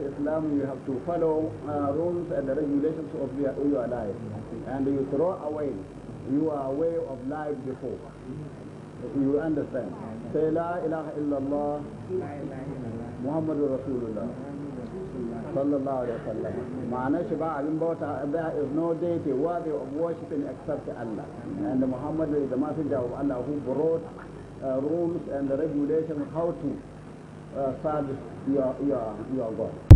Islam, you have to follow uh, rules and regulations of your, your life. And you throw away your way of life before. You understand? Say La ilaha illallah Muhammad Rasulullah. Sallallahu Alaihi sallam. Ma'ana shi ba abin bauta there is no deity worthy of worshiping except Allah. And Muhammad is the messenger of Allah who brought uh, rules and regulations how to 呃，三十一啊，一啊，一啊个。